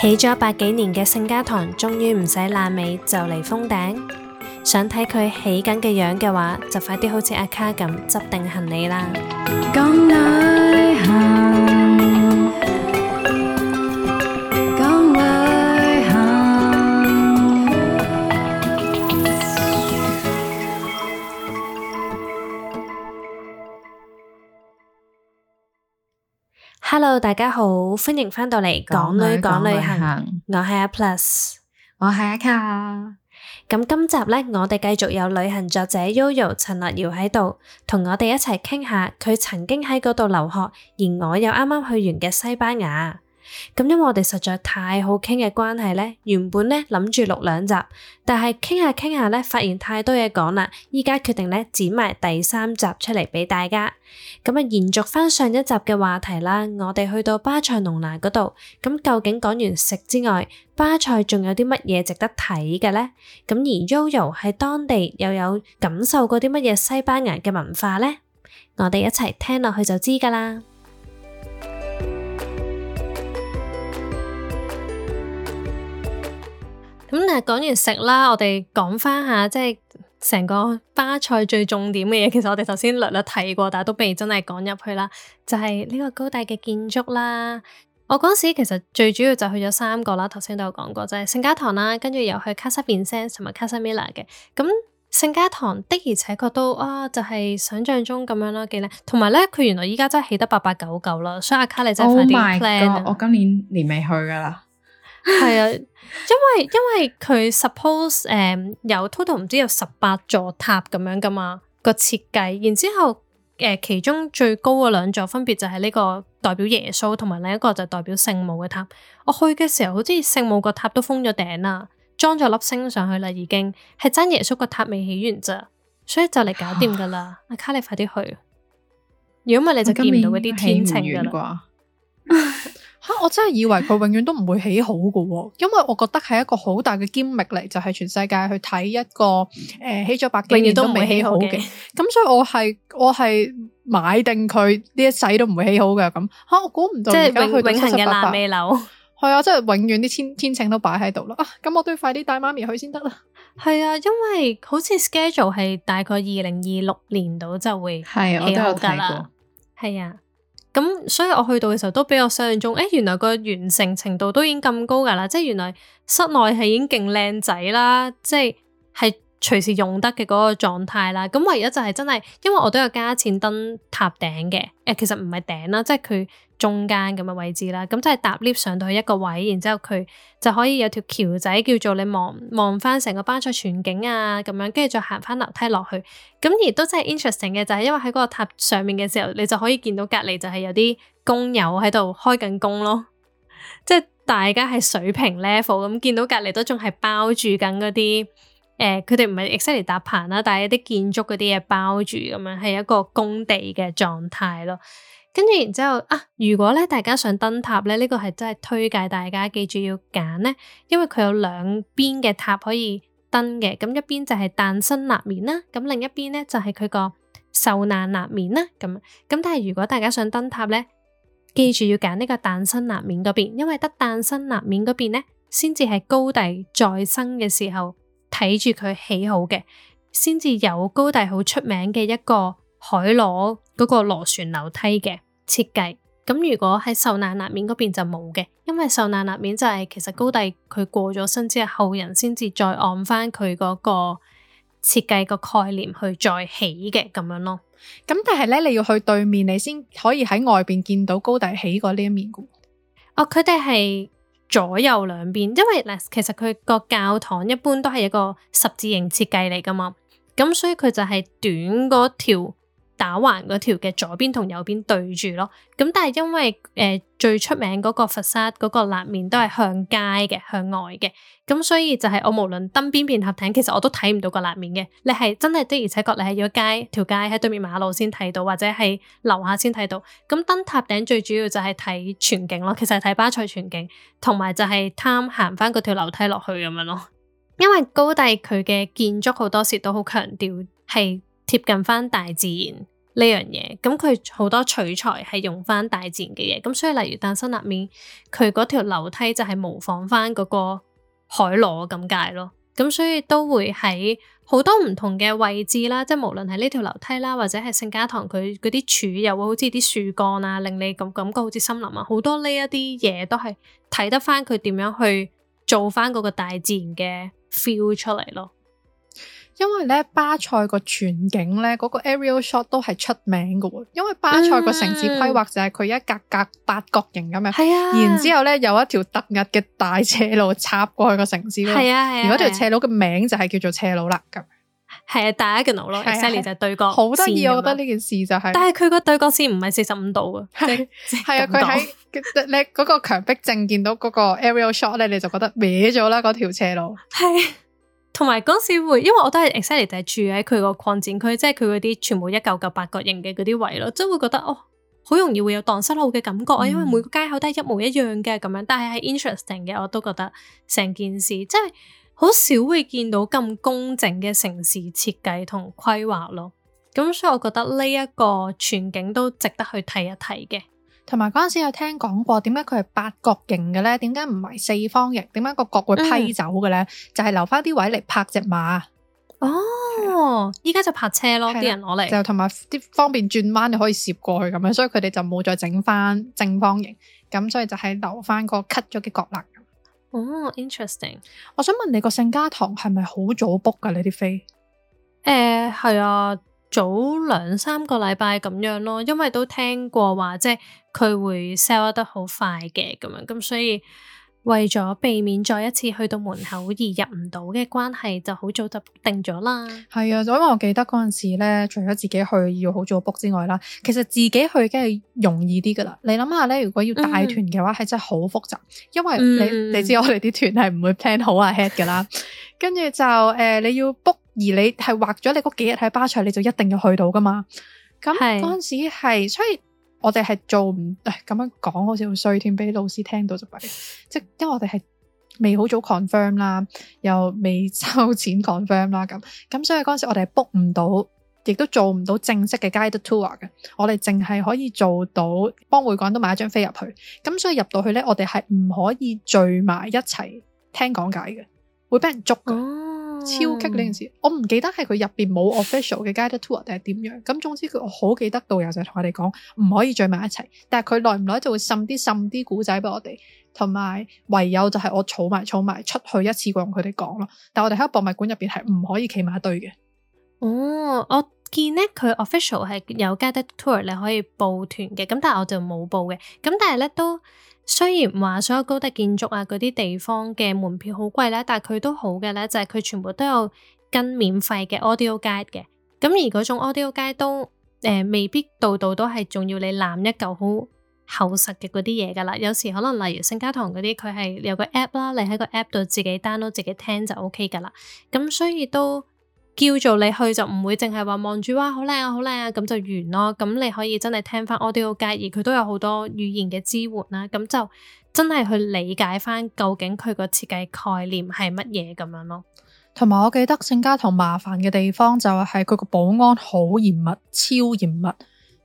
起咗百幾年嘅聖家堂，終於唔使爛尾就嚟封頂。想睇佢起緊嘅樣嘅話，就快啲好似阿卡咁執定行李啦。大家好，歡迎返到嚟《港女,港,女港旅行》行，我係阿 Plus，我係阿 Car。咁今集咧，我哋繼續有旅行作者 Yoyo 陳樂瑤喺度，同我哋一齊傾下佢曾經喺嗰度留學，而我又啱啱去完嘅西班牙。咁因為我哋實在太好傾嘅關係呢，原本咧諗住錄兩集，但係傾下傾下咧，發現太多嘢講啦，依家決定咧剪埋第三集出嚟俾大家。咁啊，延續翻上一集嘅話題啦，我哋去到巴塞隆拿嗰度，咁究竟講完食之外，巴塞仲有啲乜嘢值得睇嘅呢？咁而 Yoyo 喺當地又有感受過啲乜嘢西班牙嘅文化呢？我哋一齊聽落去就知噶啦。咁誒講完食啦，我哋講翻下即係成個巴塞最重點嘅嘢。其實我哋頭先略略睇過，但係都未真係講入去啦。就係呢個高大嘅建築啦。我嗰陣時其實最主要就去咗三個啦。頭先都有講過，就係聖家堂啦，跟住又去卡塞變聖同埋卡塞米拉嘅。咁聖家堂的而且確都啊，就係想像中咁樣啦，幾靚。同埋咧，佢原來依家真係起得八八九九啦。所以阿卡你真係快啲 plan。Oh my god！我今年年尾去噶啦。係啊， 因為因為佢 suppose 誒、呃、有 total 唔知有十八座塔咁樣噶嘛個設計，然之後誒、呃、其中最高嘅兩座分別就係呢個代表耶穌同埋另一個就代表聖母嘅塔。我去嘅時候，好似聖母個塔都封咗頂啦，裝咗粒星上去啦，已經係爭耶穌個塔未起完咋，所以就嚟搞掂噶啦。 阿 Car 你快啲去，如果唔係你就今見唔到嗰啲天秤噶啦。 吓、啊！我真係以為佢永遠都唔會起好嘅，因為我覺得係一個好大嘅 gimmick 嚟，就係、是、全世界去睇一個誒、呃、起咗百幾年都未起好嘅。咁 所以我係我係買定佢呢一世都唔會起好嘅。咁吓，我估唔到即係佢永恒嘅爛尾樓。係啊，即係永遠啲天天秤都擺喺度啦。啊，咁我都要、啊、快啲帶媽咪去先得啦。係啊，因為好似 schedule 係大概二零二六年度就會起好、啊、我都有睇過噶啦。係啊。咁所以我去到嘅時候都比我想象中，誒、欸、原來個完成程度都已經咁高㗎啦，即係原來室內係已經勁靚仔啦，即係係隨時用得嘅嗰個狀態啦。咁我而家就係真係，因為我都有加錢登塔頂嘅，誒、欸、其實唔係頂啦，即係佢。中間咁嘅位置啦，咁即係搭 lift 上到去一個位，然之後佢就可以有條橋仔叫做你望望翻成個巴塞全景啊，咁樣跟住再行翻樓梯落去，咁亦都真係 interesting 嘅，就係、是、因為喺嗰個塔上面嘅時候，你就可以見到隔離就係有啲工友喺度開緊工咯， 即係大家係水平 level 咁見到隔離都仲係包住緊嗰啲誒，佢哋唔係 exactly 搭棚啦，但係有啲建築嗰啲嘢包住咁樣，係一個工地嘅狀態咯。跟住，然之後啊，如果咧大家上登塔咧，呢、這個係真係推介大家記住要揀呢，因為佢有兩邊嘅塔可以登嘅，咁一邊就係誕生立面啦，咁另一邊呢，就係佢個受難立面啦，咁咁。但係如果大家上登塔呢，記住要揀呢個誕生立面嗰邊，因為得誕生立面嗰邊咧，先至係高第在生嘅時候睇住佢起好嘅，先至有高第好出名嘅一個。海螺嗰個螺旋樓梯嘅設計，咁如果喺受難立面嗰邊就冇嘅，因為受難立面就係其實高第佢過咗身之後後人先至再按翻佢嗰個設計個概念去再起嘅咁樣咯。咁但係呢，你要去對面，你先可以喺外邊見到高第起過呢一面嘅。哦，佢哋係左右兩邊，因為咧其實佢個教堂一般都係一個十字形設計嚟噶嘛，咁所以佢就係短嗰條。打橫嗰條嘅左邊同右邊對住咯，咁但係因為誒、呃、最出名嗰個佛山嗰個立面都係向街嘅向外嘅，咁所以就係我無論登邊邊塔頂，其實我都睇唔到個立面嘅。你係真係的，而且確你係要街條街喺對面馬路先睇到，或者係樓下先睇到。咁登塔頂最主要就係睇全景咯，其實係睇巴塞全景，同埋就係貪行翻嗰條樓梯落去咁樣咯。因為高第佢嘅建築好多時都好強調係貼近翻大自然。呢樣嘢，咁佢好多取材係用翻大自然嘅嘢，咁所以例如《誕生立面》，佢嗰條樓梯就係模仿翻嗰個海螺咁解咯，咁所以都會喺好多唔同嘅位置啦，即係無論係呢條樓梯啦，或者係聖家堂佢嗰啲柱，又會好似啲樹幹啊，令你咁感覺好似森林啊，好多呢一啲嘢都係睇得翻佢點樣去做翻嗰個大自然嘅 feel 出嚟咯。因為咧巴塞個全景咧嗰個 aerial shot 都係出名嘅喎，因為巴塞個城市規劃就係佢一格格八角形咁樣，係啊，然之後咧有一條突兀嘅大斜路插過去個城市，係啊係條斜路嘅名就係叫做斜路啦，咁係啊 diagonal 咯就係對角好得意，我覺得呢件事就係，但係佢個對角線唔係四十五度啊，係啊，佢喺你嗰個強迫症見到嗰個 aerial shot 咧，你就覺得歪咗啦嗰條斜路，係。同埋嗰時會，因為我都係 exactly 住喺佢個擴展區，即係佢嗰啲全部一嚿嚿八角形嘅嗰啲位咯，即係會覺得哦，好容易會有蕩失路嘅感覺啊，因為每個街口都係一模一樣嘅咁樣，但係係 interesting 嘅，我都覺得成件事即係好少會見到咁工整嘅城市設計同規劃咯。咁所以，我覺得呢一個全景都值得去睇一睇嘅。同埋嗰陣時有聽講過點解佢係八角形嘅咧？點解唔係四方形？點解個角會批走嘅咧？嗯、就係留翻啲位嚟拍隻馬。哦，依家了就泊車咯，啲了人攞嚟就同埋啲方便轉彎你可以攝過去咁樣，所以佢哋就冇再整翻正方形，咁所以就係留翻個 cut 咗嘅角啦。哦，interesting。我想問你、個聖家堂係咪好早 book 㗎？你啲飛？誒、欸，係啊。早兩三個禮拜咁樣咯，因為都聽過話即係佢會 sell 得好快嘅，咁樣，咁所以為咗避免再一次去到門口而入唔到嘅關係，就好早就 book 定咗啦。係啊，所以我記得嗰陣時咧，除咗自己去要好早 book 之外啦，其實自己去梗係容易啲噶啦。你諗下咧，如果要帶團嘅話，係、嗯、真係好複雜，因為你、嗯、你知我哋啲團係唔會 plan 好 ahead 噶啦，跟住， 就誒、呃、你要 book。而你係畫咗你嗰幾日喺巴塞，你就一定要去到噶嘛？咁嗰陣時係，所以我哋係做唔誒咁樣講，好似好衰添，俾啲老師聽到就弊。即係 因為我哋係未好早 confirm 啦，又未收錢 confirm 啦，咁咁所以嗰陣時我哋係 book 唔到，亦都做唔到正式嘅 guided tour 嘅。我哋淨係可以做到幫會員都買一張飛入去。咁所以入到去咧，我哋係唔可以聚埋一齊聽講解嘅，會俾人捉嘅。嗯超激呢件事，我唔記得係佢入邊冇 official 嘅 guided tour 定係點樣，咁總之佢好記得，導遊就係同我哋講唔可以聚埋一齊，但係佢耐唔耐就會滲啲滲啲古仔俾我哋，同埋唯有就係我儲埋儲埋出去一次過同佢哋講咯，但係我哋喺博物館入邊係唔可以企埋一堆嘅。哦，我見咧佢 official 係有 guided tour 你可以報團嘅，咁但係我就冇報嘅，咁但係咧都。雖然話所有高迪建築啊嗰啲地方嘅門票好貴啦，但係佢都好嘅咧，就係、是、佢全部都有跟免費嘅 audio guide 嘅。咁而嗰種 audio guide 都誒、呃、未必度度都係，仲要你攬一嚿好厚實嘅嗰啲嘢噶啦。有時可能例如聖家堂嗰啲，佢係有個 app 啦，你喺個 app 度自己 download 自己聽就 OK 噶啦。咁所以都。叫做你去就唔會淨係話望住，哇好靚啊好靚啊咁就完咯。咁你可以真係聽翻 Audio Guide，佢都有好多語言嘅支援啦。咁就真係去理解翻究竟佢個設計概念係乜嘢咁樣咯。同埋我記得聖家堂麻煩嘅地方就係佢個保安好嚴密，超嚴密。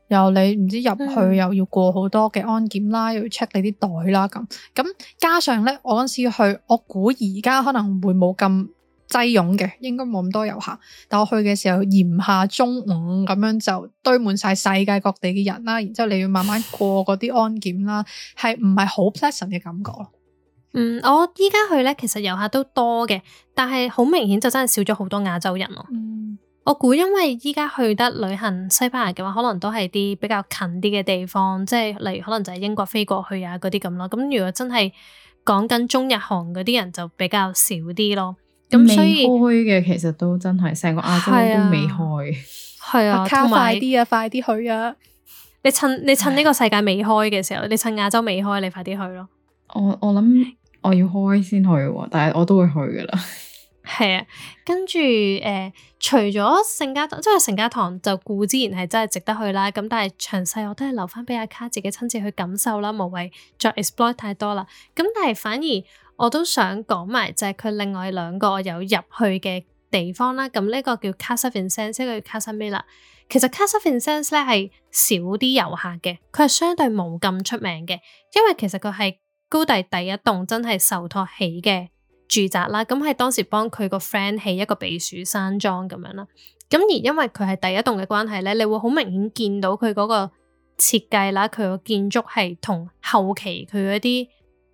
又你唔知入去、嗯、又要過好多嘅安檢啦，又要 check 你啲袋啦咁。咁加上呢，我嗰時去，我估而家可能會冇咁。擠擁嘅，應該冇咁多遊客。但我去嘅時候，炎夏中午咁樣就堆滿晒世界各地嘅人啦。然之後你要慢慢過嗰啲安檢啦，係唔係好 pleasant 嘅感覺？嗯，我依家去呢，其實遊客都多嘅，但係好明顯就真係少咗好多亞洲人咯。嗯，我估因為依家去得旅行西班牙嘅話，可能都係啲比較近啲嘅地方，即係例如可能就係英國飛過去啊嗰啲咁咯。咁如果真係講緊中日韓嗰啲人，就比較少啲咯。咁未開嘅其實都真係成個亞洲都未開。係啊，阿卡快啲啊，快啲去啊！你趁你趁呢個世界未開嘅時候，啊、你趁亞洲未開，你快啲去咯。我我諗我要開先去喎，但係我都會去噶啦。係 啊，跟住誒，除咗聖家，即係聖家堂就固之然係真係值得去啦。咁但係詳細我都係留翻俾阿卡自己親自去感受啦，無謂再 exploit 太多啦。咁但係反而。我都想講埋，就係、是、佢另外兩個有入去嘅地方啦。咁呢個叫 Casa Vicens 呢個叫 Casa Milà、so。其實 Casa Vicens 咧係少啲遊客嘅，佢係相對冇咁出名嘅，因為其實佢係高第第一棟真係受託起嘅住宅啦。咁係當時幫佢個 friend 起一個避暑山莊咁樣啦。咁而因為佢係第一棟嘅關係呢，你會好明顯見到佢嗰個設計啦，佢個建築係同後期佢嗰啲。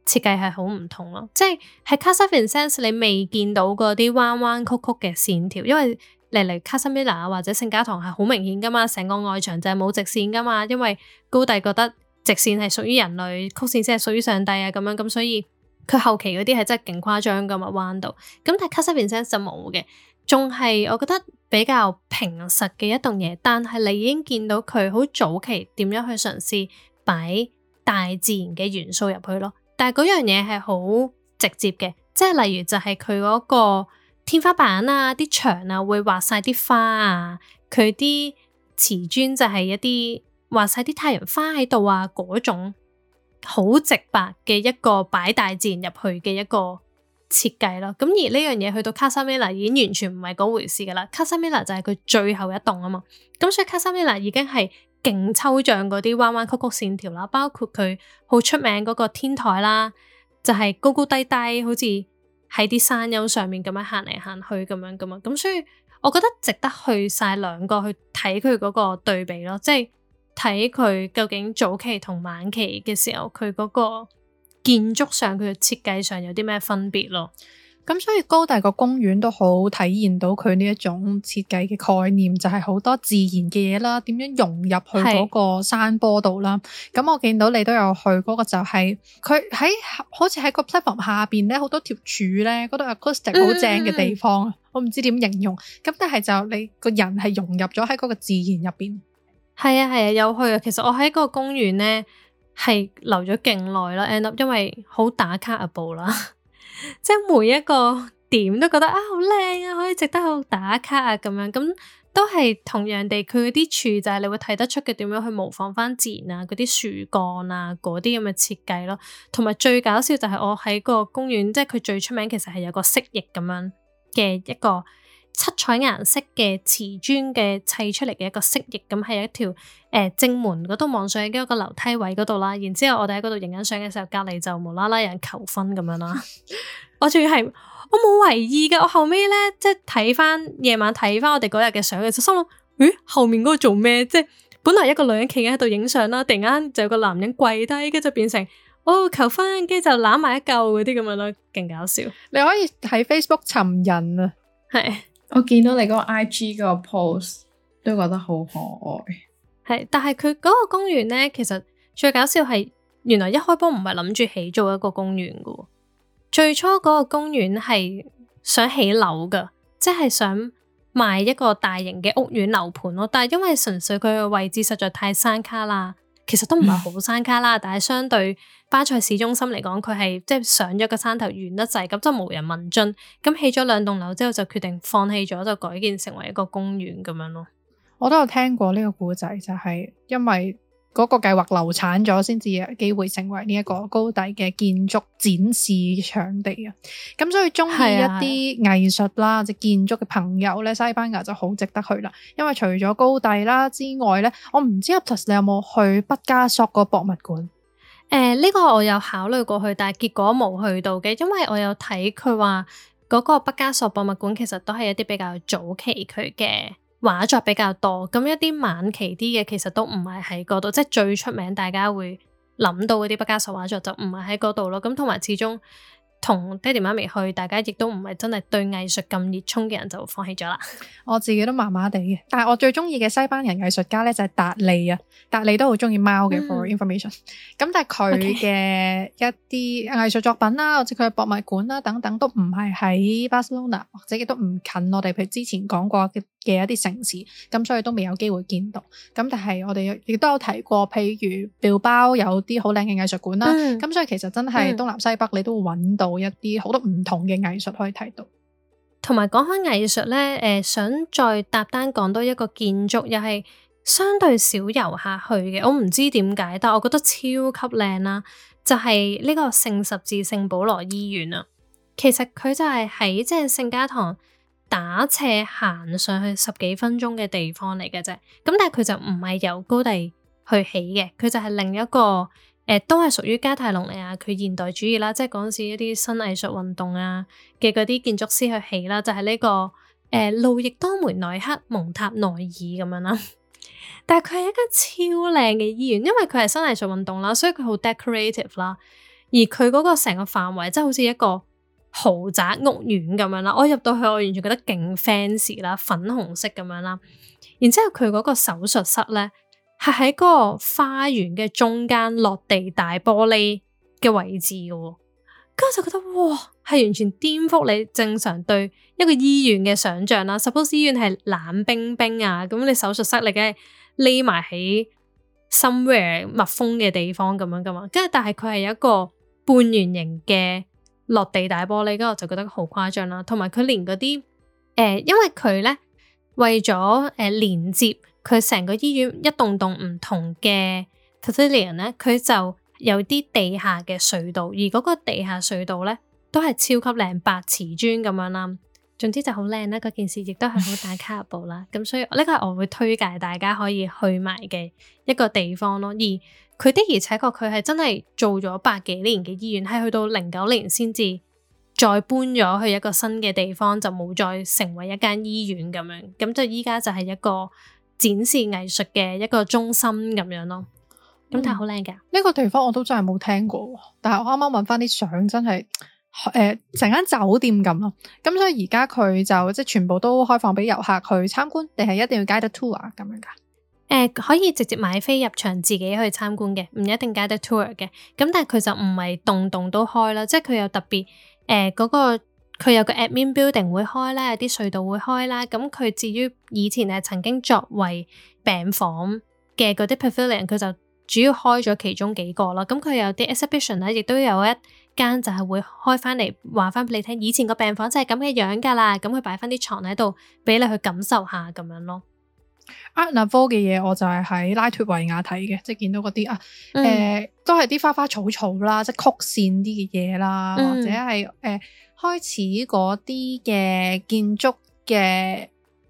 設計係好唔同咯，即係喺 Casa Vicens 你未見到嗰啲彎彎曲曲嘅線條，因為嚟嚟 Casa Milà 或者聖家堂係好明顯噶嘛，成個外牆就係冇直線噶嘛，因為高第覺得直線係屬於人類，曲線先係屬於上帝啊，咁樣咁，所以佢後期嗰啲係真係勁誇張噶嘛彎度，咁但係 Casa Vicens 就冇嘅，仲係我覺得比較平實嘅一棟嘢，但係你已經見到佢好早期點樣去嘗試擺大自然嘅元素入去咯。但係嗰樣嘢係好直接嘅，即係例如就係佢嗰個天花板啊、啲牆啊，會畫晒啲花啊，佢啲瓷磚就係一啲畫晒啲太陽花喺度啊，嗰種好直白嘅一個擺大自然入去嘅一個設計咯。咁而呢樣嘢去到卡薩米拉已經完全唔係嗰回事噶啦，卡薩米拉就係佢最後一棟啊嘛，咁、嗯、所以卡薩米拉已經係。.勁抽象嗰啲彎彎曲曲線條啦，包括佢好出名嗰個天台啦，就係高高低低，好似喺啲山丘上面咁樣行嚟行去咁樣咁啊，咁所以我覺得值得去晒兩個去睇佢嗰個對比咯，即係睇佢究竟早期同晚期嘅時候，佢嗰個建築上佢嘅設計上有啲咩分別咯。咁、嗯、所以高第個公園都好體現到佢呢一種設計嘅概念，就係、是、好多自然嘅嘢啦，點樣融入去嗰個山坡度啦。咁是我見到你都有去嗰，那個就係、是，佢喺好似喺個 platform 下邊咧，好多條柱咧，嗰度 acoustic 好正嘅地方，嗯、我唔知點形容。咁但係就你個人係融入咗喺嗰個自然入邊。係啊係啊，有去啊。其實我喺個公園咧係留咗勁耐啦，End up, 因為好打卡 able 啦。 即係每一個點都覺得啊，好靚啊，可以值得去打卡啊咁樣，咁都係同樣地，佢嗰啲柱就係你會睇得出佢點樣去模仿翻自然啊，嗰啲樹幹啊嗰啲咁嘅設計咯，同埋最搞笑就係我喺個公園，即係佢最出名，其實係有個蜥蜴咁樣嘅一個。七彩顏色嘅瓷磚嘅砌出嚟嘅一個蜥蜴，咁係一條誒正門嗰度望上一個樓梯位嗰度啦。然之後我哋喺嗰度影緊相嘅時候，隔籬就無啦啦有人求婚咁樣啦。 我仲要係我冇為意噶，我後尾咧即係睇翻夜晚睇翻我哋嗰日嘅相嘅時候，心諗咦後面嗰個做咩？即係本來一個女人企喺度影相啦，突然間就有個男人跪低，跟住變成哦求婚，跟住就攬埋一舊嗰啲咁樣咯，勁搞笑。你可以喺 Facebook 尋人啊，係。 我見到你嗰個 IG 嗰個 post 都覺得好可愛，係，但係佢嗰個公園呢，其實最搞笑係，原來一開波唔係諗住起做一個公園噶，最初嗰個公園係想起樓噶，即係想賣一個大型嘅屋苑樓盤咯，但係因為純粹佢嘅位置實在太山卡啦。其實都唔係好山卡啦，但係相對巴塞市中心嚟講，佢係即係上咗個山頭遠得滯咁，即係無人問津。咁起咗兩棟樓之後，就決定放棄咗，就改建成為一個公園咁樣咯。我都有聽過呢個故仔，就係、是、因為。嗰個計劃流產咗，先至有機會成為呢一個高第嘅建築展示場地啊！咁所以中意一啲藝術啦、即建築嘅朋友咧，西班牙就好值得去啦。因為除咗高第啦之外咧，我唔知阿 t a 你有冇去畢加索個博物館？誒、呃，呢、這個我有考慮過去，但係結果冇去到嘅，因為我有睇佢話嗰個畢加索博物館其實都係一啲比較早期佢嘅。畫作比較多，咁一啲晚期啲嘅其實都唔係喺嗰度，即係最出名大家會諗到嗰啲畢加索畫作就唔係喺嗰度咯。咁同埋始終，同爹哋媽咪去，大家亦都唔係真係對藝術咁熱衷嘅人就放棄咗啦。我自己都麻麻地嘅，但係我最中意嘅西班牙人藝術家咧就係、是、達利啊，達利都好中意貓嘅。嗯、for information，咁 但係佢嘅一啲藝術作品啦，或者佢嘅博物館啦等等，都唔係喺 Barcelona 或者亦都唔近我哋。譬如之前講過嘅一啲城市，咁所以都未有機會見到。咁但係我哋亦都有提過，譬如 Bilbao 有啲好靚嘅藝術館啦，咁、嗯、所以其實真係東南西北你都會揾到。冇一啲好多唔同嘅藝術可以睇到，同埋講開藝術呢，誒、呃，想再搭單講多一個建築，又係相對少遊客去嘅。我唔知點解，但我覺得超級靚啦、啊，就係、是、呢個聖十字聖保羅醫院啊。其實佢就係喺即係聖家堂打斜行上去十幾分鐘嘅地方嚟嘅啫。咁但係佢就唔係由高迪去起嘅，佢就係另一個。誒都係屬於加泰隆尼亞佢現代主義啦，即係嗰陣時一啲新藝術運動啊嘅嗰啲建築師去起啦，就係呢個誒路易多梅內克蒙塔內爾咁樣啦。但係佢係一間超靚嘅醫院，因為佢係新藝術運動啦，所以佢好 decorative 啦。而佢嗰個成個範圍，即係好似一個豪宅屋苑咁樣啦。我入到去，我完全覺得勁 fancy 啦，粉紅色咁樣啦。然之後佢嗰個手術室咧。係喺嗰個花園嘅中間落地大玻璃嘅位置噶咁我就覺得哇，係完全顛覆你正常對一個醫院嘅想象啦。Suppose 醫院係冷冰冰啊，咁你手術室你梗係匿埋喺 somewhere 密封嘅地方咁樣噶嘛，跟住但係佢係一個半圓形嘅落地大玻璃，咁我就覺得好誇張啦。同埋佢連嗰啲誒，因為佢咧為咗誒連接。佢成個醫院一棟棟唔同嘅 facility 咧，佢就有啲地下嘅隧道，而嗰個地下隧道咧都係超級靚白瓷磚咁樣啦。總之就好靚啦，嗰件事亦都係好打卡一步啦。咁所以呢個係我會推介大家可以去埋嘅一個地方咯。而佢的而且確佢係真係做咗百幾年嘅醫院，係去到零九年先至再搬咗去一個新嘅地方，就冇再成為一間醫院咁樣。咁就依家就係一個。展示藝術嘅一個中心咁樣咯，咁但係好靚噶。呢、嗯這個地方我都真係冇聽過，但係我啱啱揾翻啲相，真係誒成間酒店咁咯。咁、嗯、所以而家佢就即係全部都開放俾遊客去參觀，定係一定要 guided tour 咁樣噶？誒、呃，可以直接買飛入場自己去參觀嘅，唔一定 guided tour 嘅。咁但係佢就唔係棟棟都開啦，即係佢有特別誒、呃那個。佢有個 admin building 會開啦，有啲隧道會開啦。咁佢至於以前係曾經作為病房嘅嗰啲 pavilion，佢就主要開咗其中幾個咯。咁佢有啲 exhibition 咧，亦都有一間就係會開翻嚟話翻俾你聽，以前個病房就係咁嘅樣噶啦。咁佢擺翻啲床喺度俾你去感受下咁樣咯。Art Nouveau 嘅嘢，我就係喺拉脫維亞睇嘅，即係見到嗰啲啊，誒、嗯欸，都係啲花花草草啦，即係曲線啲嘅嘢啦，嗯、或者係誒、欸、開始嗰啲嘅建築嘅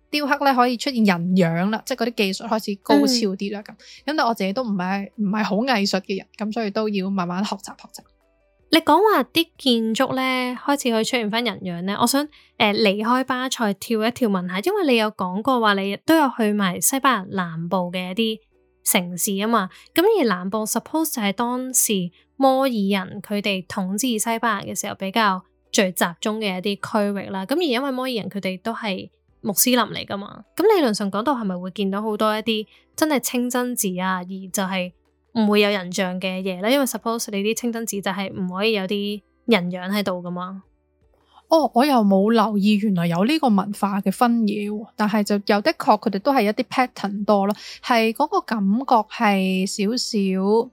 雕刻咧，可以出現人樣啦，即係嗰啲技術開始高超啲啦咁。因、嗯、但我自己都唔係唔係好藝術嘅人，咁所以都要慢慢學習學習。你講話啲建築咧開始去出現翻人樣咧，我想誒、呃、離開巴塞跳一跳問下，因為你有講過話你都有去埋西班牙南部嘅一啲城市啊嘛，咁而南部 suppose 就係當時摩爾人佢哋統治西班牙嘅時候比較最集中嘅一啲區域啦，咁而因為摩爾人佢哋都係穆斯林嚟噶嘛，咁理論上講到係咪會見到好多一啲真係清真寺啊，而就係、是？唔會有人像嘅嘢啦，因為 suppose 你啲清真寺就係唔可以有啲人樣喺度㗎嘛。哦，我又冇留意，原來有呢個文化嘅分野，但係就有的確佢哋都係一啲 pattern 多咯，係嗰個感覺係少少，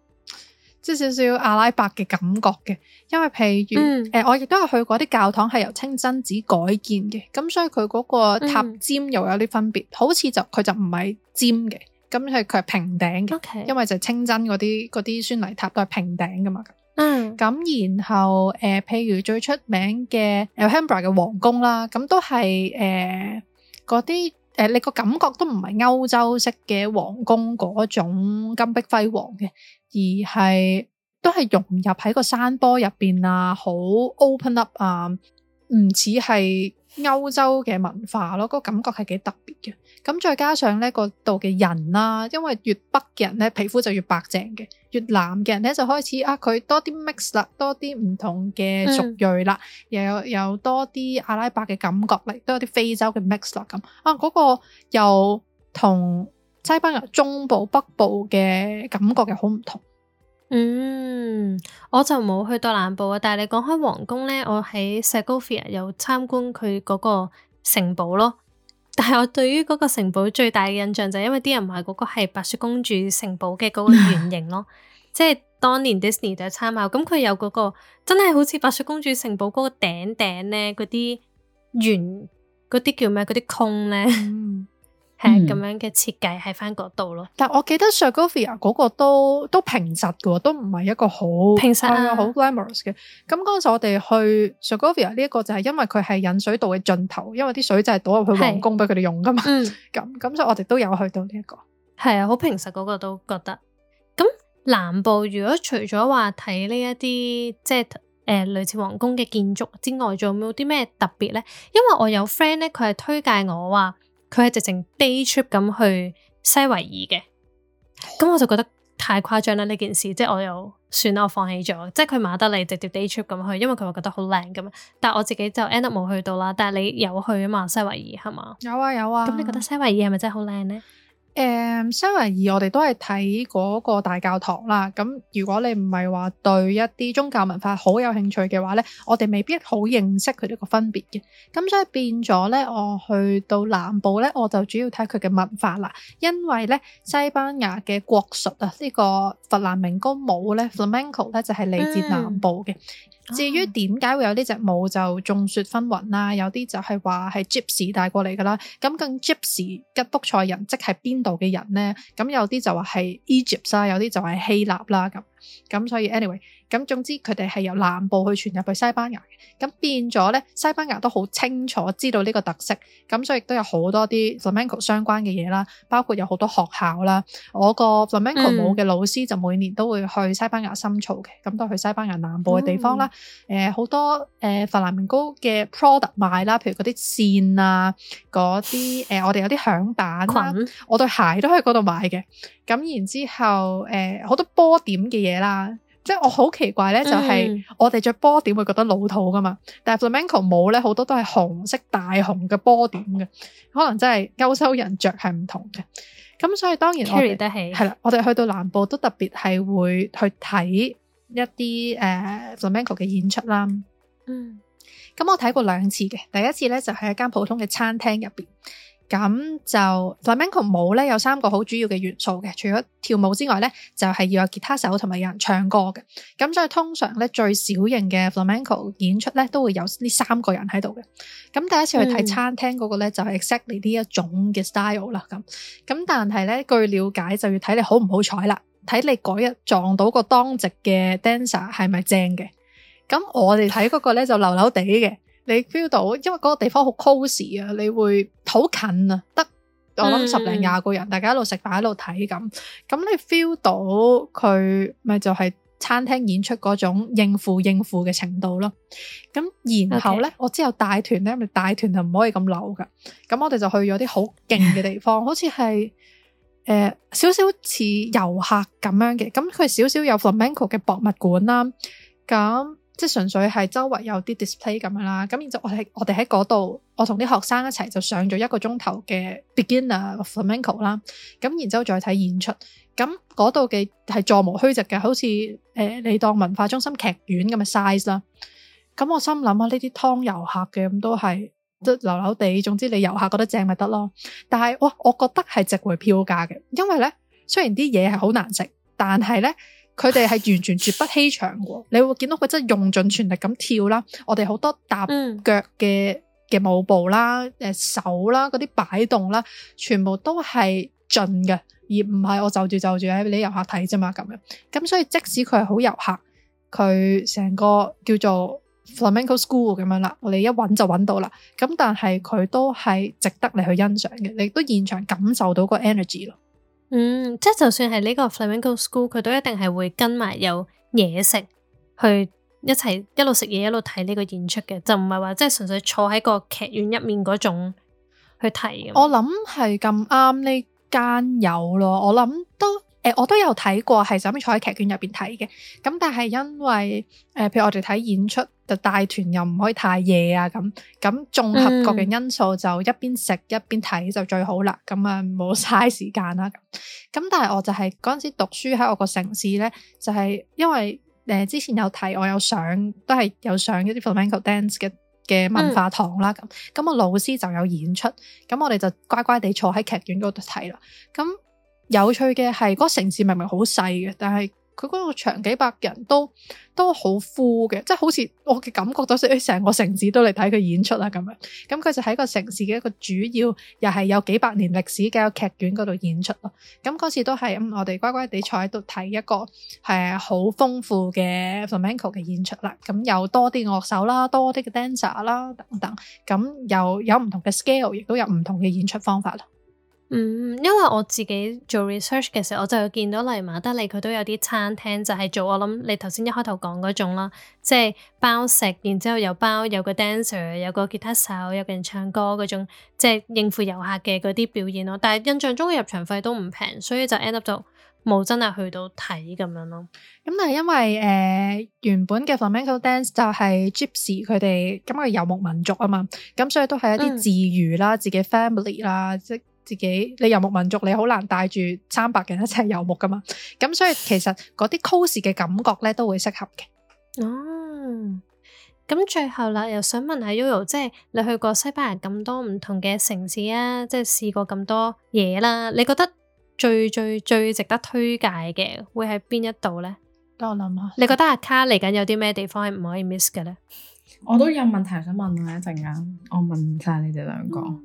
即係少少阿拉伯嘅感覺嘅。因為譬如誒、嗯呃，我亦都係去過啲教堂係由清真寺改建嘅，咁所以佢嗰個塔尖又有啲分別，嗯、好似就佢就唔係尖嘅。咁佢佢係平頂嘅，因為就清真嗰啲嗰啲宣禮塔都係平頂噶嘛。嗯，咁然後誒，譬如最出名嘅 Alhambra 嘅王宮啦，咁都係誒嗰啲誒，你個感覺都唔係歐洲式嘅王宮嗰種金碧輝煌嘅，而係都係融入喺個山坡入邊啊，好 open up 啊，唔似係歐洲嘅文化咯，個感覺係幾特別嘅。咁再加上呢個度嘅人啦，因為越北嘅人呢，皮膚就越白淨嘅，越南嘅人呢，就開始啊佢多啲 mix 啦，多啲唔同嘅族裔啦、嗯，又有多啲阿拉伯嘅感覺，亦都有啲非洲嘅 mix 啦咁啊嗰、嗰個又同西班牙中部北部嘅感覺又好唔同。嗯，我就冇去到南部啊，但係你講開皇宮呢，我喺塞哥維亞有參觀佢嗰個城堡咯。但係我對於嗰個城堡最大嘅印象就係因為啲人話嗰個係白雪公主城堡嘅嗰個原型咯， 即係當年 Disney 就參考，咁佢有嗰、嗰個真係好似白雪公主城堡嗰個頂頂咧，嗰啲圓，嗰啲叫咩？嗰啲空咧。嗯係咁樣嘅設計喺翻嗰度咯，但我記得 Segovia 嗰個都都平實嘅，都唔係一個好平實啊，好 lavish 嘅。咁嗰陣時我哋去 Segovia 呢一個就係因為佢係引水道嘅盡頭，因為啲水就係倒入去皇宮俾佢哋用噶嘛。咁咁、嗯、 所以我哋都有去到呢、這、一個。係啊，好平實嗰個都覺得。咁南部如果除咗話睇呢一啲即係誒類似皇宮嘅建築之外，仲有冇啲咩特別咧？因為我有 friend 咧，佢係推介我話。佢係直情 day trip 咁去西維爾嘅，咁我就覺得太誇張啦呢件事，即係我又算啦，我放棄咗。即係佢馬德里直接 day trip 咁去，因為佢話覺得好靚咁啊。但係我自己就 end up 冇去到啦。但係你有去啊嘛？西維爾係嘛？有啊有啊。咁你覺得西維爾係咪真係好靚咧？誒，西班牙我哋都係睇嗰個大教堂啦。咁如果你唔係話對一啲宗教文化好有興趣嘅話呢，我哋未必好認識佢呢個分別嘅。咁所以變咗呢，我去到南部呢，我就主要睇佢嘅文化啦。因為呢，西班牙嘅國術啊，呢、這個佛蘭明宮舞呢 f l a m e n c o 呢，就係嚟自南部嘅。至於點解會有呢隻舞就眾說紛紜啦，有啲就係話係 Gypsy 帶過嚟噶啦，咁更 Gypsy 吉卜賽人即係邊度嘅人咧？咁有啲就話係 Egypt 啦，有啲就係、e、希臘啦咁。咁所以 anyway，咁總之佢哋係由南部去傳入去西班牙，咁變咗咧西班牙都好清楚知道呢個特色，咁所以亦都有好多啲 Flamenco 相關嘅嘢啦，包括有好多學校啦。我個 Flamenco 舞嘅老師就每年都會去西班牙深造嘅，咁、嗯、都去西班牙南部嘅地方啦。嗯誒，好、呃、多誒，弗、呃、蘭明高嘅 product 買啦，譬如嗰啲線啊，嗰啲誒，我哋有啲響板啦， 我對鞋都喺嗰度買嘅。咁然之後，誒、呃，好多波點嘅嘢啦，即係我好奇怪咧，就係我哋着波點會覺得老土噶嘛，但係 flamenco 冇咧，好多都係紅色大紅嘅波點嘅，可能真係歐洲人着係唔同嘅。咁所以當然我係啦 carry it.，我哋去到南部都特別係會去睇。一啲誒、uh, flamenco 嘅演出啦，嗯，咁我睇過兩次嘅，第一次咧就喺、是、一間普通嘅餐廳入邊，咁就 flamenco 舞咧有三個好主要嘅元素嘅，除咗跳舞之外咧，就係、是、要有吉他手同埋有人唱歌嘅，咁所以通常咧最小型嘅 flamenco 演出咧都會有呢三個人喺度嘅，咁第一次去睇餐廳嗰個咧、嗯、就係 exactly 呢一種嘅 style 啦，咁咁但係咧，據了解就要睇你好唔好彩啦。睇你嗰日撞到個當值嘅 dancer 係咪正嘅？咁我哋睇嗰個咧就流流地嘅。你 feel 到，因為嗰個地方好 cosy 啊，你會好近啊，得我諗十零廿個人，嗯、大家一路食飯喺度睇咁。咁你 feel 到佢咪就係餐廳演出嗰種應付應付嘅程度咯。咁然後咧，Okay. 我知有大團咧，咪大團就唔可以咁流噶。咁我哋就去咗啲好勁嘅地方， 好似係。誒少少似遊客咁樣嘅，咁佢少少有 Flamenco 嘅博物館啦，咁即係純粹係周圍有啲 display 咁樣啦，咁然之後我哋我哋喺嗰度，我同啲學生一齊就上咗一個鐘頭嘅 beginner flamenco 啦，咁然之後再睇演出，咁嗰度嘅係座無虛席嘅，好似誒你當文化中心劇院咁嘅 size 啦，咁我心諗啊呢啲湯遊客嘅咁都係。即係流流地，總之你遊客覺得正咪得咯。但係哇我覺得係值回票價嘅，因為咧雖然啲嘢係好難食，但係咧佢哋係完全絕不欺場嘅。 你會見到佢真係用盡全力咁跳啦，我哋好多踏腳嘅嘅舞步啦、誒手啦、嗰啲擺動啦，全部都係盡嘅，而唔係我就住就住喺你遊客睇啫嘛咁樣。咁所以即使佢係好遊客，佢成個叫做。Flamenco School 咁樣啦，我哋一揾就揾到啦。咁但係佢都係值得你去欣賞嘅，你都現場感受到個 energy 咯。嗯，即係就算係呢個 Flamenco School，佢都一定係會跟埋有嘢食，去一齊一路食嘢一路睇呢個演出嘅，就唔係話即係純粹坐喺個劇院入面嗰種去睇。我諗係咁啱呢間有咯，我諗都。誒、呃，我都有睇過，係就咁坐喺劇院入邊睇嘅。咁但係因為誒、呃，譬如我哋睇演出就帶團又唔可以太夜啊咁。咁綜合各嘅因素，就一邊食一邊睇就最好啦。咁啊，唔好嘥時間啦。咁但係我就係嗰陣時讀書喺我個城市咧，就係、是、因為誒、呃、之前有睇我有上，都係有上一啲 Flamenco dance 嘅嘅文化堂啦。咁咁、嗯、我老師就有演出，咁我哋就乖乖地坐喺劇院嗰度睇啦。咁。有趣嘅係嗰個城市明明好細嘅，但係佢嗰個場幾百人都都好 full 嘅，即係好似我嘅感覺到成個城市都嚟睇佢演出啦咁樣。咁佢就喺個城市嘅一個主要，又係有幾百年歷史嘅一個劇院嗰度演出咯。咁嗰次都係咁、嗯，我哋乖乖哋坐喺度睇一個係好豐富嘅 Flamenco 嘅演出啦。咁有多啲樂手啦，多啲嘅 dancer 啦等等，咁又有唔同嘅 scale，亦都有唔同嘅演出方法啦。嗯，因為我自己做 research 嘅時候，我就見到例如馬德里佢都有啲餐廳就，就係做我諗你頭先一開頭講嗰種啦，即係包食，然之後又包有個 dancer，有個吉他手，有個人唱歌嗰種，即係應付遊客嘅嗰啲表演咯。但係印象中嘅入場費都唔平，所以就 end up 就冇真係去到睇咁樣咯。咁、嗯、但係因為誒、呃、原本嘅 flamenco dance 就係 Gypsy 佢哋咁嘅遊牧民族啊嘛，咁所以都係一啲自娛啦，嗯、自己 family 啦，即自己你遊牧民族你好難帶住三百人一齊遊牧噶嘛？咁所以其實嗰啲 cos 嘅感覺咧都會適合嘅。哦，咁最後啦，又想問下 Yoyo，即係你去過西班牙咁多唔同嘅城市啊，即係試過咁多嘢啦，你覺得最最最最值得推介嘅會喺邊一度呢？等我諗下。你覺得阿卡嚟緊有啲咩地方係唔可以 miss 嘅呢？嗯、我都有問題想問啊，一陣間我問晒你哋兩個。嗯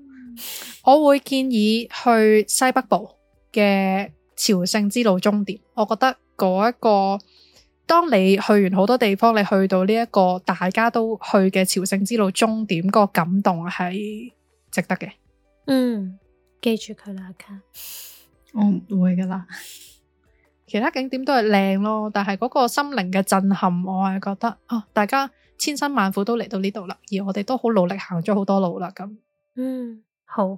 我會建議去西北部嘅朝聖之路終點，我覺得嗰一個，當你去完好多地方，你去到呢一個大家都去嘅朝聖之路終點，嗰個感動係值得嘅。嗯，記住佢啦，啊 Car。我會噶啦，其他景點都係靚咯，但係嗰個心靈嘅震撼，我係覺得啊，大家千辛萬苦都嚟到呢度啦，而我哋都好努力行咗好多路啦，咁，嗯。好，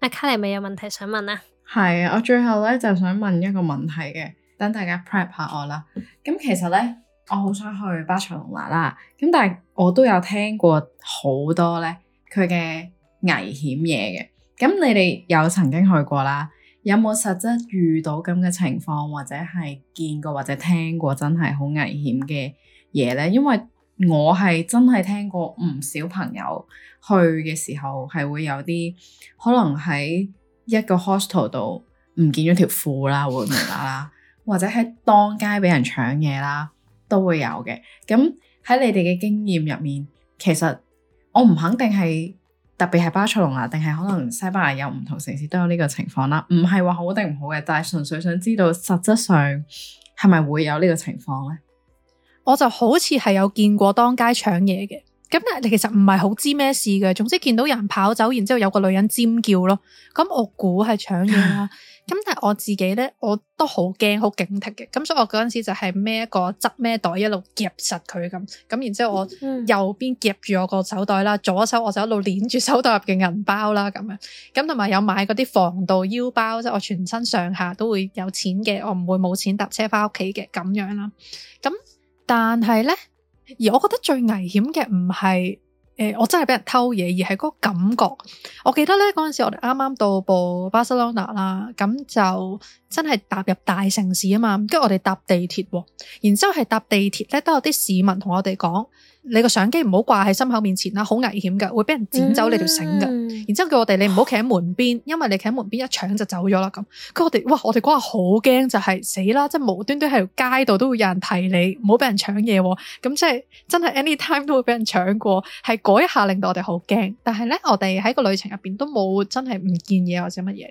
阿卡尼咪有問題想問啊？係啊，我最後咧就想問一個問題嘅，等大家 prep 下我啦。咁其實咧，我好想去巴塞隆拿啦，咁但係我都有聽過好多咧佢嘅危險嘢嘅。咁你哋有曾經去過啦，有冇實質遇到咁嘅情況，或者係見過或者聽過真係好危險嘅嘢咧？因為我係真係聽過唔少朋友去嘅時候，係會有啲可能喺一個 hostel 度唔見咗條褲啦，會唔得啦，或者喺當街俾人搶嘢啦，都會有嘅。咁喺你哋嘅經驗入面，其實我唔肯定係特別係巴塞隆拿定係可能西班牙有唔同城市都有呢個情況啦。唔係話好定唔好嘅，但係純粹想知道實質上係咪會有呢個情況呢？我就好似係有見過當街搶嘢嘅，咁但係你其實唔係好知咩事嘅。總之見到人跑走，然之後有個女人尖叫咯，咁我估係搶嘢啦。咁 但係我自己咧，我都好驚，好警惕嘅。咁所以我嗰陣時就係孭一個側孭袋一路夾實佢咁，咁然之後我右邊夾住我個手袋啦，左手我就一路捻住手袋入嘅銀包啦咁樣。咁同埋有買嗰啲防盜腰包，即係我全身上下都會有錢嘅，我唔會冇錢搭車翻屋企嘅咁樣啦。咁但係呢，而我覺得最危險嘅唔係誒，我真係俾人偷嘢，而係嗰感覺。我記得呢，嗰陣時，我哋啱啱到步巴塞隆那啦，咁就真係踏入大城市啊嘛，跟住我哋搭地鐵，然之後係搭地鐵呢，都有啲市民同我哋講。你個相機唔好掛喺心口面前啦，好危險噶，會俾人剪走你條繩噶。嗯、然之後叫我哋你唔好企喺門邊，啊、因為你企喺門邊一搶就走咗啦咁。佢我哋哇，我哋嗰日好驚就係死啦，即係無端端喺條街度都會有人提你，唔好俾人搶嘢。咁即係真係 anytime 都會俾人搶過，係嗰一下令到我哋好驚。但係呢，我哋喺個旅程入邊都冇真係唔見嘢或者乜嘢。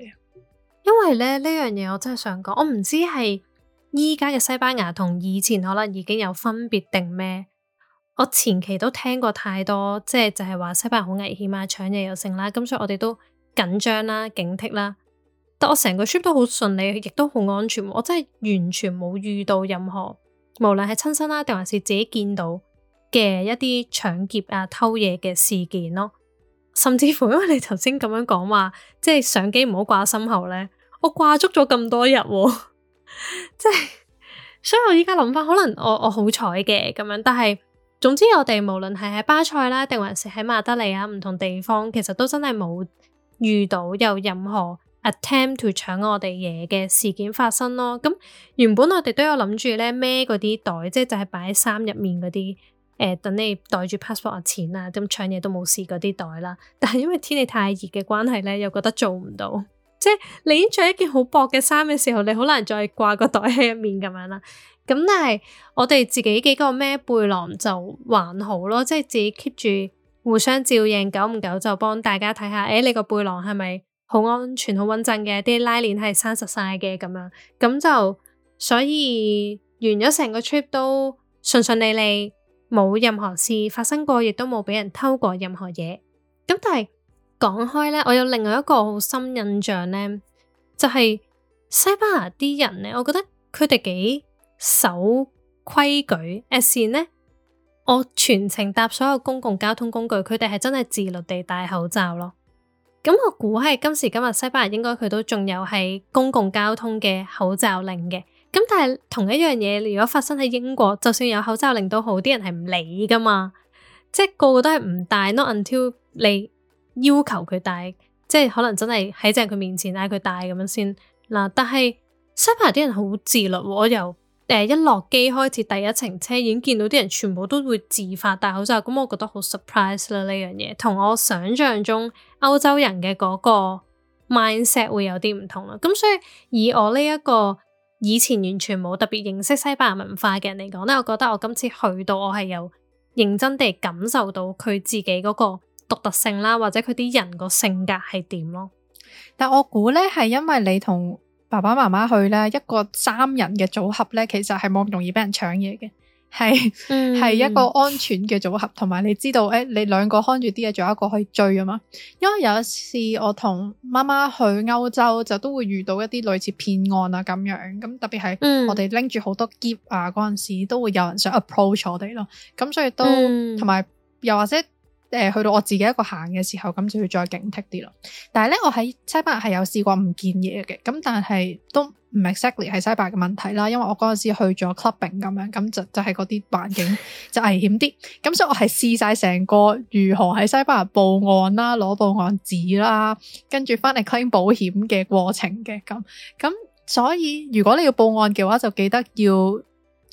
因為咧呢樣嘢我真係想講，我唔知係依家嘅西班牙同以前可能已經有分別定咩？我前期都聽過太多，即係就係話西班牙好危險啊，搶嘢又盛啦，咁所以我哋都緊張啦、警惕啦。但我成個 trip 都好順利，亦都好安全，我真係完全冇遇到任何，無論係親身啦，定還是自己見到嘅一啲搶劫啊、偷嘢嘅事件咯。甚至乎，因為你頭先咁樣講話，即係相機唔好掛身後呢，我掛足咗咁多日、哦，即 係，所以我依家諗翻，可能我我好彩嘅咁樣，但係。總之我哋無論係喺巴塞啦，定還是喺馬德里啊，唔同地方，其實都真係冇遇到有任何 attempt to 搶我哋嘢嘅事件發生咯。咁、嗯、原本我哋都有諗住咧孭嗰啲袋，即係就係擺衫入面嗰啲，誒、呃，等你袋住 passport 錢啊，咁搶嘢都冇事嗰啲袋啦。但係因為天氣太熱嘅關係咧，又覺得做唔到，即係你已經着一件好薄嘅衫嘅時候，你好難再掛個袋喺入面咁樣啦。咁但係我哋自己幾個孭背囊就還好咯，即係自己 keep 住互相照應，久唔久就幫大家睇下，誒、欸，你個背囊係咪好安全、好穩陣嘅？啲拉鏈係生實晒嘅咁樣，咁就所以完咗成個 trip 都順順利利，冇任何事發生過，亦都冇俾人偷過任何嘢。咁但係講開呢，我有另外一個好深印象呢，就係、是、西班牙啲人呢，我覺得佢哋幾。守規矩，As in 呢，我全程搭所有公共交通工具，佢哋係真係自律地戴口罩咯。咁我估係今時今日西班牙應該佢都仲有係公共交通嘅口罩令嘅。咁但係同一樣嘢，如果發生喺英國，就算有口罩令都好，啲人係唔理噶嘛，即係個個都係唔戴。Not until 你要求佢戴，即係可能真係喺正佢面前嗌佢戴咁樣先嗱。但係西班牙啲人好自律，我又。誒，一落機開始第一程車已經見到啲人全部都會自發戴口罩，咁我覺得好 surprise 啦呢樣嘢，同我想像中歐洲人嘅嗰個 mindset 會有啲唔同啦。咁所以以我呢一個以前完全冇特別認識西班牙文化嘅人嚟講呢，我覺得我今次去到我係有認真地感受到佢自己嗰個獨特性啦，或者佢啲人個性格係點咯。但我估呢係因為你同。爸爸媽媽去呢一個三人嘅組合呢，其實係冇咁容易俾人搶嘢嘅，係係、嗯、一個安全嘅組合，同埋你知道，誒、欸，你兩個看住啲嘢，仲有一個可以追啊嘛。因為有一次我同媽媽去歐洲，就都會遇到一啲類似騙案啊咁樣，咁特別係我哋拎住好多篋啊嗰陣時，嗯、時都會有人想 approach 我哋咯。咁所以都同埋、嗯、又或者。誒、呃、去到我自己一個行嘅時候，咁就要再警惕啲咯。但係咧，我喺西班牙係有試過唔見嘢嘅，咁但係都唔 exactly 係西班牙嘅問題啦，因為我嗰陣時去咗 clubbing 咁樣，咁就就係嗰啲環境就危險啲。咁所以我係試晒成個如何喺西班牙報案啦、攞報案紙啦，跟住翻嚟 claim 保險嘅過程嘅咁。咁所以如果你要報案嘅話，就記得要。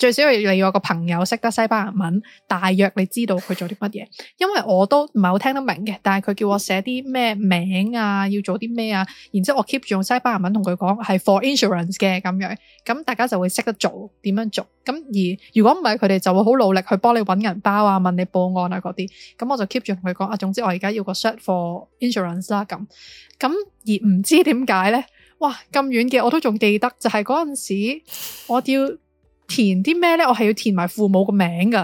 最少你要有個朋友識得西班牙文，大約你知道佢做啲乜嘢，因為我都唔係好聽得明嘅。但係佢叫我寫啲咩名啊，要做啲咩啊，然之後我 keep 住用西班牙文同佢講係 for insurance 嘅咁樣，咁大家就會識得做點樣做。咁而如果唔係佢哋就會好努力去幫你揾銀包啊，問你報案啊嗰啲。咁我就 keep 住同佢講啊，總之我而家要個 cert for insurance 啦咁。咁而唔知點解咧？哇！咁遠嘅我都仲記得，就係嗰陣時我要。填啲咩咧？我係要填埋父母個名噶。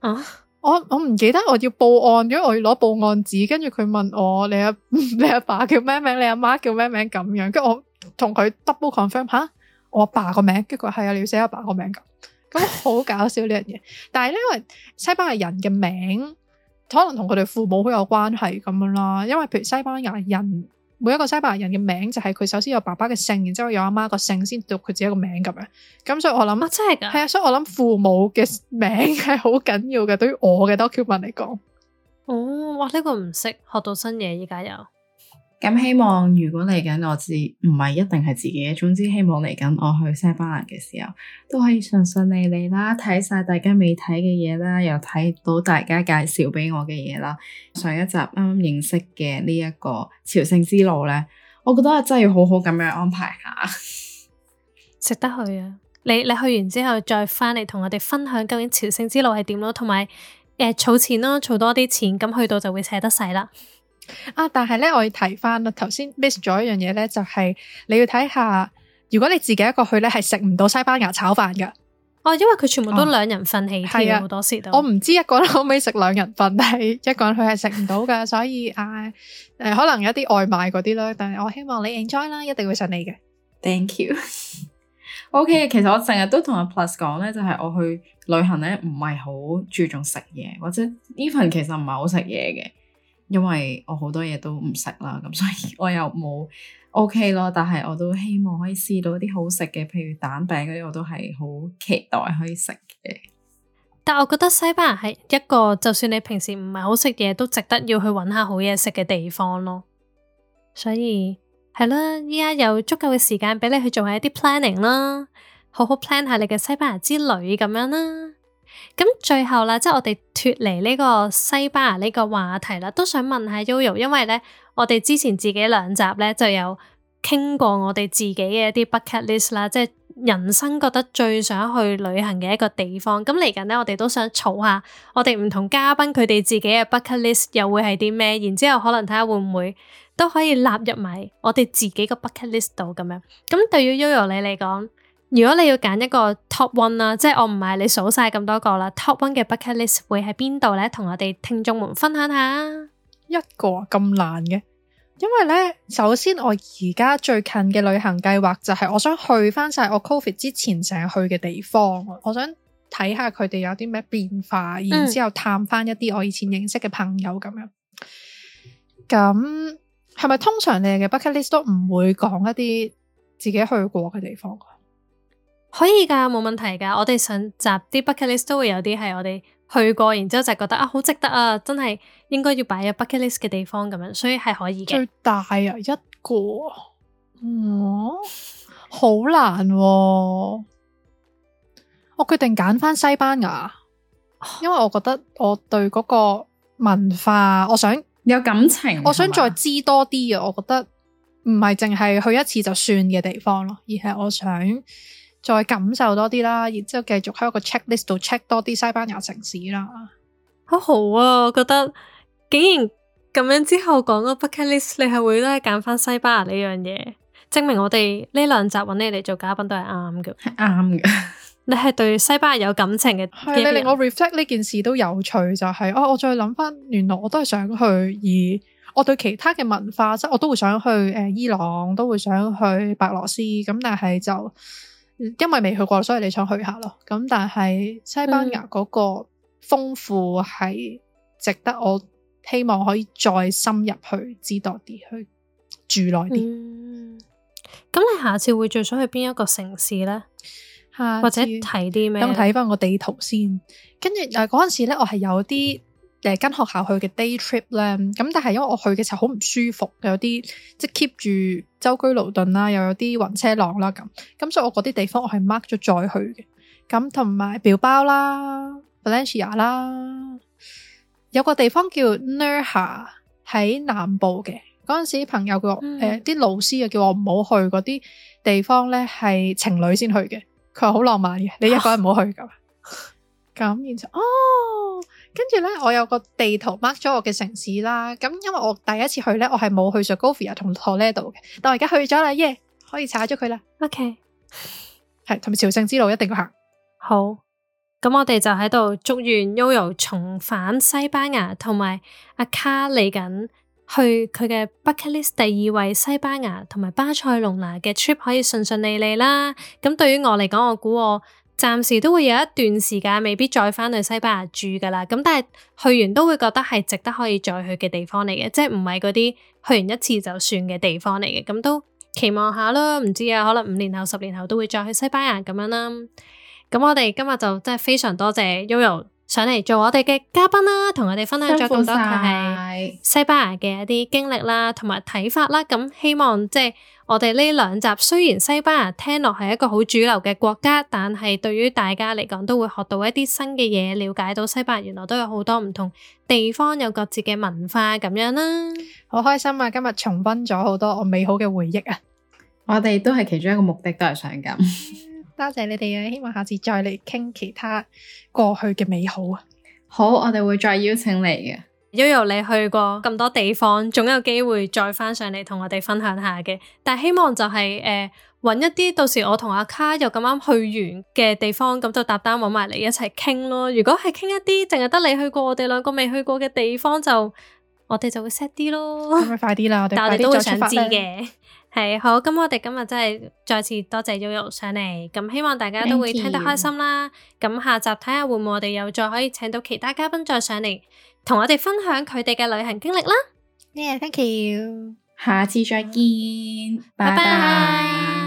啊！我我唔記得我要報案，因為我要攞報案紙，跟住佢問我，你阿你阿爸叫咩名，你阿媽叫咩名咁樣。跟住我同佢 double confirm 吓，我阿爸個名，跟住係啊，你要寫阿爸個名噶。咁好搞笑呢樣嘢。 但係咧，因為西班牙人嘅名可能同佢哋父母好有關係咁樣啦，因為譬如西班牙人。每一個西班牙人嘅名就係佢首先有爸爸嘅姓，然之後有阿媽個姓，先讀佢自己個名咁樣。咁所以我諗啊，真係噶，係啊，所以我諗父母嘅名係好緊要嘅。對於我嘅 document 嚟講，哦，哇，呢個唔識，學到新嘢依家又。咁希望如果嚟緊我自唔係一定係自己嘅，總之希望嚟緊我去西班牙嘅時候都可以順順利利啦，睇晒大家未睇嘅嘢啦，又睇到大家介紹俾我嘅嘢啦。上一集啱啱認識嘅呢一個朝聖之路呢，我覺得真係要好好咁樣安排下，值得去啊！你你去完之後再翻嚟，同我哋分享究竟朝聖之路係點咯，同埋誒儲錢咯，儲多啲錢，咁去到就會捨得晒啦。啊！但係咧，我要提翻啦。頭先 miss 咗一樣嘢咧，就係、是、你要睇下，如果你自己一個去咧，係食唔到西班牙炒飯噶。哦，因為佢全部都兩人份起添，好、哦、多、啊、我唔知一個人可唔可以食兩人份，但係一個人去係食唔到噶， 所以唉，誒、啊呃，可能有啲外賣嗰啲啦。但係我希望你 enjoy 啦，一定會上你嘅。Thank you。OK 其實我成日都同阿 Plus 講咧，就係、是、我去旅行咧，唔係好注重食嘢，或者 Even 其實唔係好食嘢嘅。因為我好多嘢都唔食啦，咁所以我又冇 OK 咯。但係我都希望可以試到啲好食嘅，譬如蛋餅嗰啲，我都係好期待可以食嘅。但我覺得西班牙係一個就算你平時唔係好食嘢，都值得要去揾下好嘢食嘅地方咯。所以係啦，依家有足夠嘅時間俾你去做下一啲 planning 啦，好好 plan 下你嘅西班牙之旅咁樣啦。咁最後啦，即係我哋脫離呢個西班牙呢個話題啦，都想問下 Yoyo，因為呢，我哋之前自己兩集呢就有傾過我哋自己嘅一啲 bucket list 啦，即係人生覺得最想去旅行嘅一個地方。咁嚟緊呢，我哋都想儲下我哋唔同嘉賓佢哋自己嘅 bucket list 又會係啲咩，然之後可能睇下會唔會都可以納入埋我哋自己個 bucket list 度咁樣。咁對於 Yoyo 你嚟講，如果你要揀一個 top one 啦，即係我唔係你數晒咁多個啦。top one 嘅 bucket list 會喺邊度呢？同我哋聽眾們分享下。一個咁難嘅，因為呢，首先我而家最近嘅旅行計劃就係我想去翻晒我 COVID 之前成日去嘅地方，我想睇下佢哋有啲咩變化，然之後探翻一啲我以前認識嘅朋友咁、嗯、樣。咁係咪通常你哋嘅 bucket list 都唔會講一啲自己去過嘅地方？可以噶，冇問題噶。我哋想集啲 bucket list 都會有啲係我哋去過，然之後就覺得啊，好值得啊，真係應該要擺入 bucket list 嘅地方咁樣，所以係可以嘅。最大啊，一個我、哦、好難、啊。我決定揀翻西班牙，因為我覺得我對嗰個文化，我想有感情，我想再知多啲嘅。嗎我覺得唔係淨係去一次就算嘅地方咯，而係我想。再感受多啲啦，然之後繼續喺一個 checklist 度 check 多啲西班牙城市啦。好好啊，我覺得竟然咁樣之後講個 bucket list，你係會都係揀翻西班牙呢樣嘢，證明我哋呢兩集揾你嚟做嘉賓都係啱嘅，係啱嘅。 你係對西班牙有感情嘅，你令我 reflect 呢件事都有趣，就係、是、啊、哦，我再諗翻，原來我都係想去，而我對其他嘅文化，即係我都會想去誒、呃、伊朗，都會想去白羅斯，咁但係就。因為未去過，所以你想去下咯。咁但係西班牙嗰個豐富係值得我希望可以再深入去知道啲，去住耐啲。咁、嗯、你下次會最想去邊一個城市咧？下次。或者睇啲咩？等我睇翻個地圖先。跟住又嗰陣時咧，我係有啲。誒跟學校去嘅 day trip 咧，咁但係因為我去嘅時候好唔舒服，有啲即係 keep 住周居勞頓啦，又有啲暈車浪啦咁，咁所以我嗰啲地方我係 mark 咗再去嘅。咁同埋畢爾包啦，Valencia 啦，有個地方叫 Nerja、er、喺南部嘅嗰陣時，朋友叫我誒啲、嗯呃、老師又叫我唔好去嗰啲地方咧，係情侶先去嘅，佢話好浪漫嘅，你一個人唔好去㗎。咁然之後，哦。跟住咧，我有個地圖 mark 咗我嘅城市啦。咁，嗯、因為我第一次去咧，我係冇去塞哥維亞同托雷度嘅。但我而家去咗啦，耶、yeah！可以踩咗佢啦。OK，係同埋朝聖之路一定要行。好，咁我哋就喺度祝願 Yoyo 重返西班牙，同埋阿 Car 嚟緊去佢嘅 bucket list 第二位西班牙同埋巴塞隆拿嘅 trip 可以順順利利啦。咁對於我嚟講，我估我。暫時都會有一段時間，未必再返去西班牙住噶啦。咁但係去完都會覺得係值得可以再去嘅地方嚟嘅，即係唔係嗰啲去完一次就算嘅地方嚟嘅。咁都期望下咯，唔知啊，可能五年後、十年後都會再去西班牙咁樣啦。咁我哋今日就真係非常多謝 Yoyo。上嚟做我哋嘅嘉賓啦，同我哋分享咗咁多係西班牙嘅一啲經歷啦，同埋睇法啦。咁希望即係我哋呢兩集，雖然西班牙聽落係一個好主流嘅國家，但係對於大家嚟講，都會學到一啲新嘅嘢，了解到西班牙原來都有好多唔同地方有各自嘅文化咁樣啦。好開心啊！今日重溫咗好多我美好嘅回憶啊！ 我哋都係其中一個目的，都係想咁。 多謝你哋啊！希望下次再嚟傾其他過去嘅美好啊！好，我哋會再邀請你嘅。悠悠，你去過咁多地方，總有機會再翻上嚟同我哋分享下嘅。但係希望就係誒，揾一啲到時我同阿卡又咁啱去完嘅地方，咁就搭單揾埋嚟一齊傾咯。如果係傾一啲淨係得你去過，我哋兩個未去過嘅地方，就我哋就會 sad 啲咯。快啲啦！我哋但係我哋都會想知嘅。係好，咁我哋今日真係再次多謝 Yoyo 上嚟，咁希望大家都會聽得開心啦。咁 Thank you. 下集睇下會唔會我哋又再可以請到其他嘉賓再上嚟，同我哋分享佢哋嘅旅行經歷啦。Yeah，thank you，下次再見，拜拜。